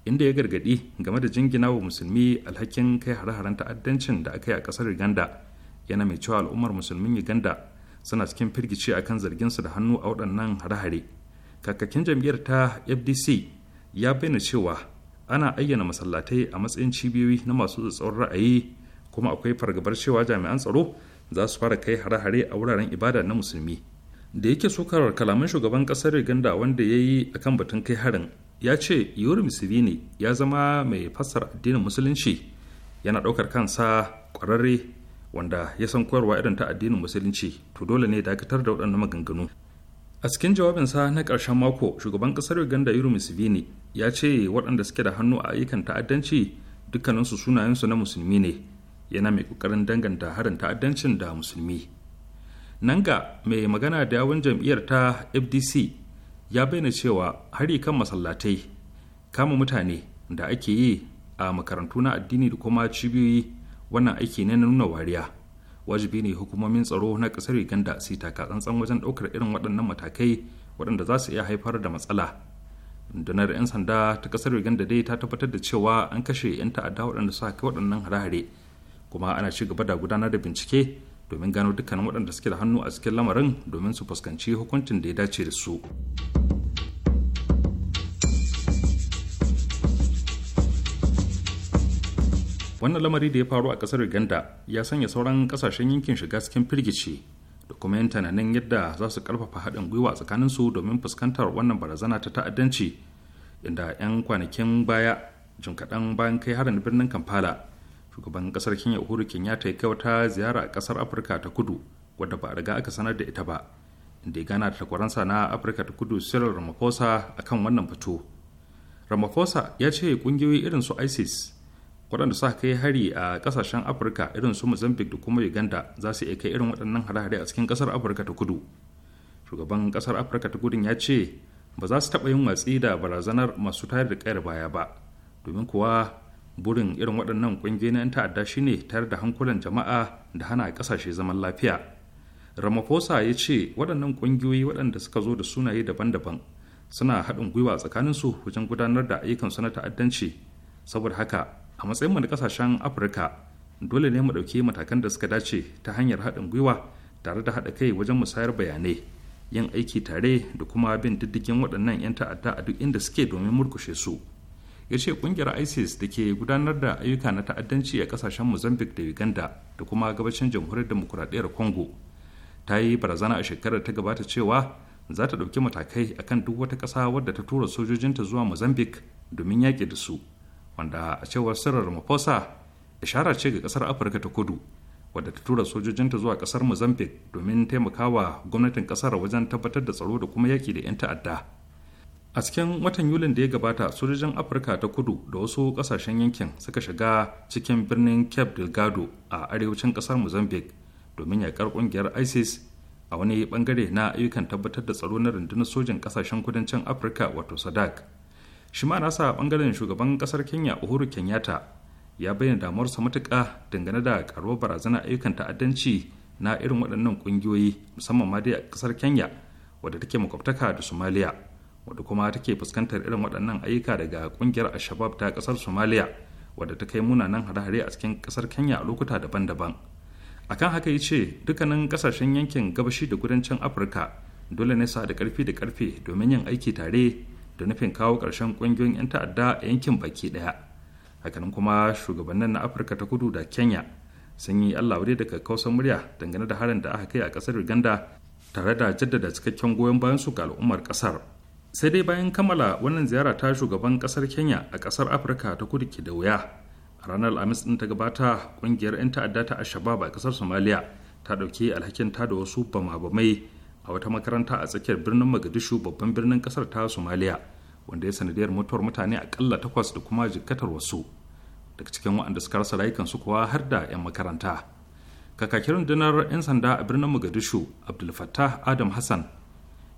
inda ya gargadi game da jingina wa musulmi alhakin kai hare-haren ta'addancin da aka yi a kasar uganda yana mai cewa al'ummar musulmin uganda suna cikin firgici akan zarginsu da hannu a waɗannan hare-hare kakakin jam'iyyar ta fdc ya bayyana cewa ana ayyana masallatai a matsayin cibiyoyi na masu tsatsauran ra'ayi kuma akwai fargabar cewa jami'an tsaro za su fara kai hare-hare a wuraren ibada na musulmi da yake sokarar kalaman shugaban kasar uganda wanda ya yi a kan batun kai harin ya ce yuri musulini ya zama mai fassar addinin musulunci yana ɗaukar kansa ƙwararre wanda ya san koyarwa irin ta addinin musulunci to dole ne dakatar da waɗannan maganganu a cikin jawabinsa na ƙarshen mako shugaban ƙasar uganda yuri musulini ya ce waɗanda suke da hannu a ayyukan ta'addanci dukkaninsu sunayensu na musulmi ne yana mai ƙoƙarin danganta harin ta'addancin da musulmi nanga mai magana da yawun jam'iyyar ta fdc ya bayyana cewa hari kan masallatai kama mutane da ake yi a makarantu na addini da kuma cibiyoyi wannan aiki ne na nuna wariya wajibi ne hukumomin tsaro na ƙasar uganda su taka tsantsan wajen ɗaukar irin waɗannan matakai waɗanda za su iya haifar da matsala Donar 'yan sanda ta ƙasar uganda dai ta tabbatar da cewa an kashe 'yan ta'adda waɗanda suka kai waɗannan hare-hare kuma ana ci gaba da gudanar da bincike domin gano dukkanin waɗanda suke da hannu a cikin lamarin domin su fuskanci hukuncin da ya dace da su. wannan lamari da ya faru a ƙasar uganda ya sanya sauran ƙasashen yankin shiga cikin firgici da kuma yin tunanin yadda za su ƙarfafa haɗin gwiwa tsakaninsu domin fuskantar wannan barazana ta ta'addanci inda 'yan kwanakin baya jim kaɗan bayan kai harin birnin kampala shugaban kasar kenya uhuru kenyatta ya kai wata ziyara a kasar afirka ta kudu wadda ba a riga aka sanar da ita ba inda ya gana da takwaransa na afirka ta kudu cyril ramaphosa a kan wannan fito ramaphosa ya ce kungiyoyi irin su isis waɗanda suka kai hari a ƙasashen afirka irin su mozambique da kuma uganda za su iya kai irin waɗannan hare-hare a cikin ƙasar afirka ta kudu shugaban ƙasar afirka ta kudu ya ce ba za su taɓa yin watsi da barazanar masu tayar da ƙayar baya ba domin kuwa burin irin waɗannan ƙungiyoyi na 'yan ta'adda shine tare da hankulan jama'a da hana ƙasashe zaman lafiya ramaphosa ya ce waɗannan ƙungiyoyi waɗanda suka zo da sunaye daban-daban suna haɗin gwiwa tsakaninsu wajen gudanar da ayyukansu na ta'addanci saboda haka a matsayinmu na ƙasashen afirka dole ne mu ɗauki matakan da suka dace ta hanyar haɗin gwiwa tare da haɗa kai wajen musayar bayanai yin aiki tare da kuma bin diddigin waɗannan 'yan ta'adda a duk inda suke domin murkushe su. ya ce kungiyar isis da ke gudanar da ayyuka na ta'addanci a kasashen mozambique da uganda da kuma gabashin jamhuriyar demokuraɗiyyar congo ta yi barazana a shekarar ta gabata cewa za ta ɗauki matakai akan duk wata ƙasa wadda ta tura sojojinta zuwa mozambique domin yaƙi da su wanda a cewar sirar mafosa ishara ce ga ƙasar afirka ta kudu wadda ta tura sojojinta zuwa ƙasar mozambique domin taimakawa gwamnatin ƙasar wajen tabbatar da tsaro da kuma yaƙi da 'yan ta'adda a cikin watan yulin da ya gabata sojojin afirka ta kudu da wasu kasashen yankin suka shiga cikin birnin cape delgado a arewacin kasar mozambique domin yakar ƙungiyar isis a wani bangare na ayyukan tabbatar da tsaro na rundunar sojin kasashen kudancin afirka wato sadak shi ma nasa bangaren shugaban kasar kenya uhuru kenyatta ya bayyana damuwarsa matuƙa dangane da karuwar barazana ayyukan ta'addanci na irin waɗannan ƙungiyoyi musamman ma dai a kasar kenya wadda take makwabtaka da somaliya wadda kuma take fuskantar irin waɗannan ayyuka daga ƙungiyar ashabab ta ƙasar somaliya wadda ta kai munanan hare-hare a cikin ƙasar kenya a lokuta daban-daban akan haka ya ce dukkanin ƙasashen yankin gabashi da kudancin afirka dole ne su hada ƙarfi da ƙarfe domin yin aiki tare da nufin kawo ƙarshen ƙungiyoyin 'yan ta'adda a yankin baki ɗaya hakanan kuma shugabannin na afirka ta kudu da kenya sun yi allah wuri daga kausan murya dangane da harin da aka kai a ƙasar uganda tare da jaddada cikakken goyon bayan su ga al'ummar ƙasar sai dai bayan kammala wannan ziyara ta shugaban kasar kenya a kasar afirka ta kudu ke da wuya a ranar alhamis din ta gabata kungiyar 'yan ta'adda ta ashabab a kasar somalia ta dauki alhakin ta da wasu bama-bamai a wata makaranta a tsakiyar birnin magadishu babban birnin kasar ta somalia wanda ya sanadiyar mutuwar mutane akalla takwas da kuma jikkatar wasu daga cikin waɗanda suka rasa rayukansu kuwa har da 'yan makaranta kakakin rundunar 'yan sanda a birnin magadishu abdul fattah adam hassan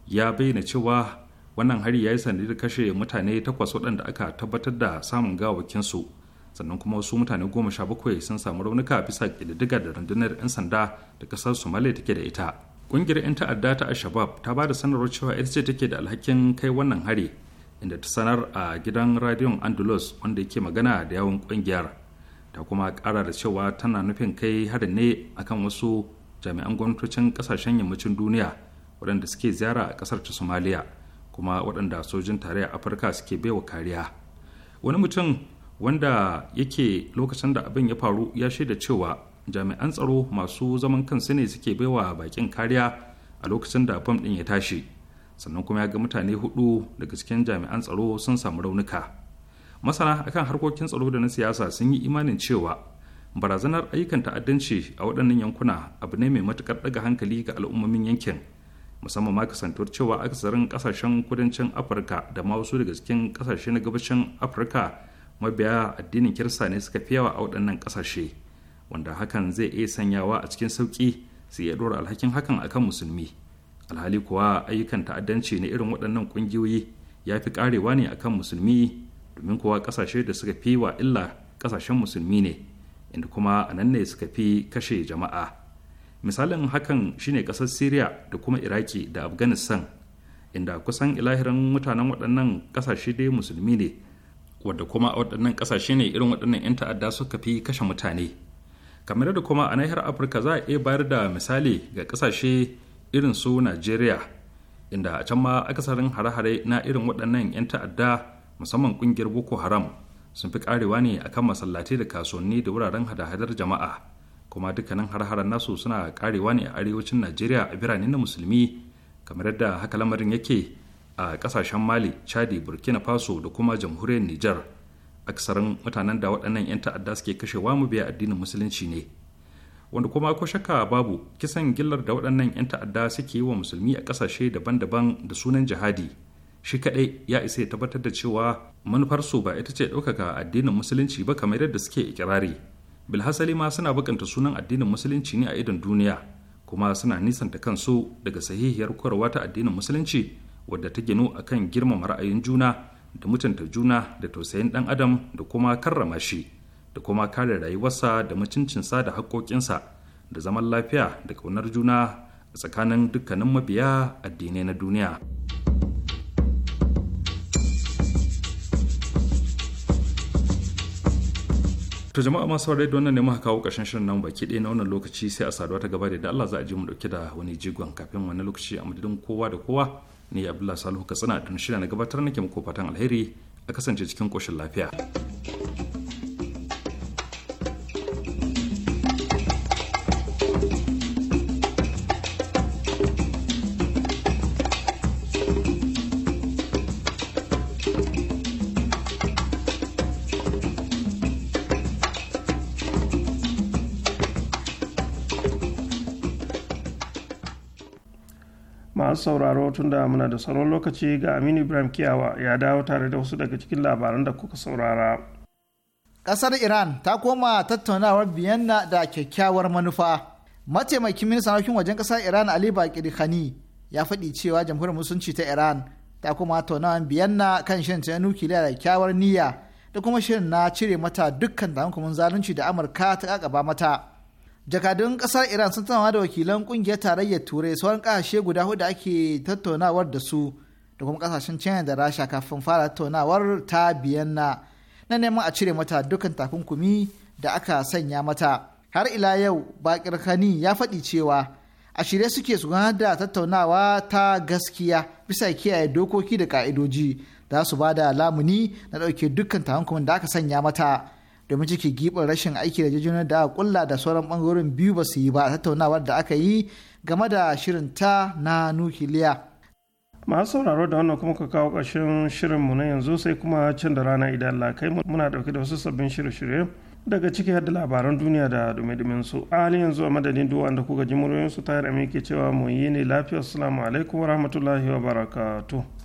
ya bayyana cewa wannan hari ya yi sanadiyar kashe mutane takwas waɗanda aka tabbatar da samun su sannan kuma wasu mutane goma sha bakwai sun samu raunuka bisa ƙididdiga da rundunar 'yan sanda da ƙasar somalia take da ita ƙungiyar 'yan ta'adda ta al ta ba da sanarwar cewa ita ce take da alhakin kai wannan hari inda ta sanar a gidan radiyon andalus wanda yake magana da yawon ƙungiyar ta kuma ƙara da cewa tana nufin kai harin ne akan wasu jami'an gwamnatocin ƙasashen yammacin duniya waɗanda suke ziyara a ƙasar ta somaliya kuma waɗanda sojin tarayyar afirka suke baiwa kariya wani mutum wanda yake lokacin da abin ya faru ya shaida cewa jami'an tsaro masu zaman kansu ne suke baiwa bakin kariya a lokacin da fam ɗin ya tashi sannan kuma ya ga mutane hudu daga cikin jami'an tsaro sun samu raunuka masana akan harkokin tsaro da na siyasa sun yi imanin cewa barazanar ayyukan ta'addanci a waɗannan yankuna abu ne mai matuƙar ɗaga hankali ga al'ummomin yankin musamman ma kasantar cewa akasarin kasashen kudancin afirka da ma wasu daga cikin kasashe na gabashin afirka mabiya addinin kirista ne suka fi yawa a waɗannan kasashe wanda hakan zai iya sanyawa a cikin sauki su iya ɗora alhakin hakan akan musulmi alhali kuwa ayyukan ta'addanci na irin waɗannan ƙungiyoyi ya fi karewa ne akan musulmi domin kuwa ƙasashe da suka fi wa illa kasashen musulmi ne inda kuma a nan ne suka fi kashe jama'a misalin hakan shine kasar syria da kuma iraki da afghanistan inda kusan ilahirin mutanen waɗannan ƙasashe dai musulmi ne wadda kuma a waɗannan ƙasashe ne irin waɗannan 'yan ta'adda suka fi kashe mutane kamar da kuma a nahiyar afirka za a iya bayar da misali ga ƙasashe irin su najeriya inda a can ma akasarin hare-hare na irin waɗannan 'yan ta'adda musamman ƙungiyar boko haram sun fi karewa ne akan masallatai da kasuwanni da wuraren hada-hadar jama'a kuma dukkanin har-haren nasu suna karewa ne a arewacin najeriya a birane na musulmi kamar yadda haka lamarin yake a kasashen mali chadi burkina faso da kuma jamhuriyar niger aksarin mutanen da waɗannan 'yan ta'adda suke kashewa mu biya addinin musulunci ne wanda kuma ko shakka babu kisan gillar da waɗannan 'yan ta'adda suke yi wa musulmi a kasashe daban-daban da sunan jihadi shi kaɗai ya isa ya tabbatar da cewa manufarsu ba ita ce ɗaukaka addinin musulunci ba kamar yadda suke ikirari bilhassali ma suna bukanta sunan addinin musulunci ne a idon duniya kuma suna nisanta kansu daga sahihiyar koyarwa ta addinin musulunci wadda ta ginu kan girmama ra'ayin juna da mutunta juna da tausayin dan adam da kuma karrama shi da kuma kare rayuwarsa da mutuncinsa da haƙoƙinsa da zaman lafiya da ƙaunar juna a tsakanin dukkanin mabiya addinai na duniya. to jama'a masu saurare da wannan ne muka kawo ƙarshen shirin nan baki ɗaya na wannan lokaci sai a saduwa ta gaba da Allah za a ji mu dauke da wani jigon kafin wani lokaci a madadin kowa da kowa ni Abdullahi Salihu Katsina don shirya na gabatar nake muku fatan alheri a kasance cikin koshin lafiya. masu sauraro tun da muna da sauran lokaci ga Aminu Ibrahim Kiyawa ya dawo tare da wasu daga cikin labaran da kuka saurara. Ƙasar Iran ta koma tattaunawar Vienna da kyakkyawar manufa. Mataimakin ministan harkokin wajen ƙasar Iran Ali Bakir Khani ya faɗi cewa jamhuriyar musulunci ta Iran ta koma tattaunawar Vienna kan shirin ta nukiliya da kyakkyawar niyya da kuma shirin na cire mata dukkan takunkumin zalunci da Amurka ta ƙaƙaba mata. jakadun kasar iran sun tanawa da wakilan kungiyar tarayyar turai sauran kasashe guda hudu ake tattaunawar da su da kuma kasashen china da rasha kafin fara tattaunawar ta biyanna na neman a cire mata dukkan takunkumi da aka sanya mata har ila yau bakir kani ya faɗi cewa a shirye suke su da tattaunawa ta gaskiya bisa kiyaye dokoki da ka'idoji za su ba da lamuni na ɗauke dukkan takunkumin da aka sanya mata domin ciki giɓin rashin aiki da jejjunar da aka kulla da sauran bangarorin biyu ba su yi ba a tattaunawar da aka yi game da shirin ta na nukiliya. masu sauraro da wannan kuma ka kawo ƙarshen mu na yanzu sai kuma can da rana idan Allah kai muna ɗauke da wasu sabbin shirye-shirye daga ciki har da labaran duniya da dumi su a halin yanzu a madadin duwa da kuka ji muryoyin su tayar ke cewa mu yi ne lafiya assalamu alaikum warahmatullahi rahmatullahi wa